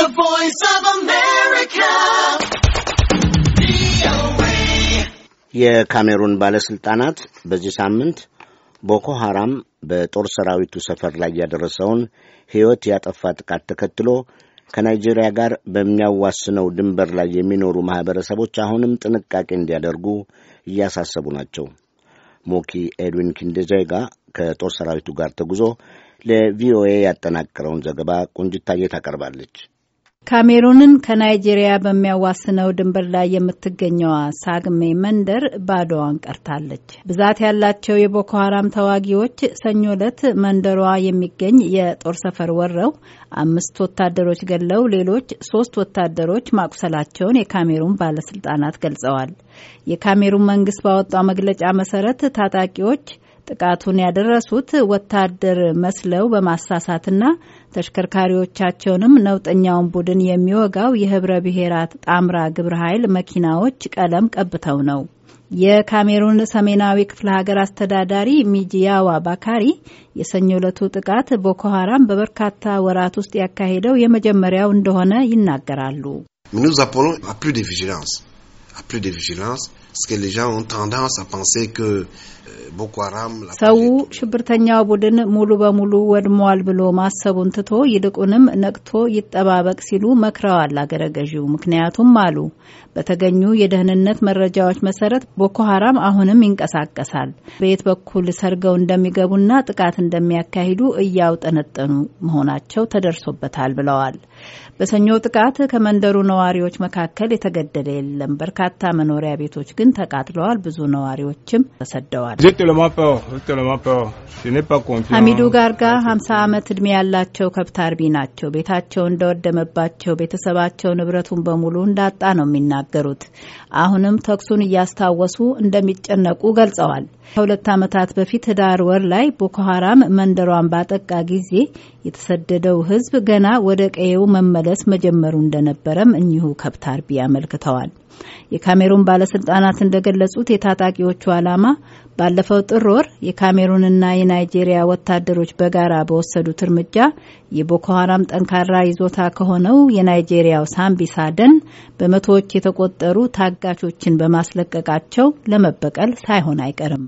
The Voice of America. የካሜሩን ባለስልጣናት በዚህ ሳምንት ቦኮ ሐራም በጦር ሰራዊቱ ሰፈር ላይ ያደረሰውን ሕይወት ያጠፋ ጥቃት ተከትሎ ከናይጄሪያ ጋር በሚያዋስነው ድንበር ላይ የሚኖሩ ማኅበረሰቦች አሁንም ጥንቃቄ እንዲያደርጉ እያሳሰቡ ናቸው። ሞኪ ኤድዊን ኪንዴዜጋ ከጦር ሰራዊቱ ጋር ተጉዞ ለቪኦኤ ያጠናቀረውን ዘገባ ቆንጅታዬ ታቀርባለች። ካሜሩንን ከናይጄሪያ በሚያዋስነው ድንበር ላይ የምትገኘዋ ሳግሜ መንደር ባዶዋን ቀርታለች። ብዛት ያላቸው የቦኮ ሀራም ተዋጊዎች ሰኞ ዕለት መንደሯ የሚገኝ የጦር ሰፈር ወረው አምስት ወታደሮች ገለው ሌሎች ሶስት ወታደሮች ማቁሰላቸውን የካሜሩን ባለስልጣናት ገልጸዋል። የካሜሩን መንግስት ባወጣው መግለጫ መሰረት ታጣቂዎች ጥቃቱን ያደረሱት ወታደር መስለው በማሳሳትና ተሽከርካሪዎቻቸውንም ነውጠኛውን ቡድን የሚወጋው የህብረ ብሔራት ጣምራ ግብረ ኃይል መኪናዎች ቀለም ቀብተው ነው። የካሜሩን ሰሜናዊ ክፍለ ሀገር አስተዳዳሪ ሚጂያዋ ባካሪ የሰኞ ዕለቱ ጥቃት ቦኮ ሀራም በበርካታ ወራት ውስጥ ያካሄደው የመጀመሪያው እንደሆነ ይናገራሉ። ሰው ሽብርተኛው ቡድን ሙሉ በሙሉ ወድሟል ብሎ ማሰቡን ትቶ ይልቁንም ነቅቶ ይጠባበቅ ሲሉ መክረዋል አገረ ገዢው። ምክንያቱም አሉ በተገኙ የደህንነት መረጃዎች መሰረት ቦኮ ሀራም አሁንም ይንቀሳቀሳል። በየት በኩል ሰርገው እንደሚገቡና ጥቃት እንደሚያካሂዱ እያውጠነጠኑ መሆናቸው ተደርሶበታል ብለዋል። በሰኞ ጥቃት ከመንደሩ ነዋሪዎች መካከል የተገደለ የለም። በርካታ መኖሪያ ቤቶች ግን ተቃጥለዋል። ብዙ ነዋሪዎችም ተሰደዋል። ሀሚዱ ጋርጋ ሀምሳ ዓመት ዕድሜ ያላቸው ከብት አርቢ ናቸው። ቤታቸው እንደወደመባቸው ቤተሰባቸው ንብረቱን በሙሉ እንዳጣ ነው የሚናገሩት። አሁንም ተኩሱን እያስታወሱ እንደሚጨነቁ ገልጸዋል። ከሁለት ዓመታት በፊት ህዳር ወር ላይ ቦኮ ሀራም መንደሯን ባጠቃ ጊዜ የተሰደደው ህዝብ ገና ወደ ቀየው መመለስ መጀመሩ እንደነበረም እኚሁ ከብት አርቢ አመልክተዋል። የካሜሩን ባለስልጣናት እንደገለጹት የታጣቂዎቹ ዓላማ ባለፈው ጥር ወር የካሜሩንና የናይጄሪያ ወታደሮች በጋራ በወሰዱት እርምጃ የቦኮ ሀራም ጠንካራ ይዞታ ከሆነው የናይጄሪያው ሳምቢሳ ደን በመቶዎች የተቆጠሩ ታጋቾችን በማስለቀቃቸው ለመበቀል ሳይሆን አይቀርም።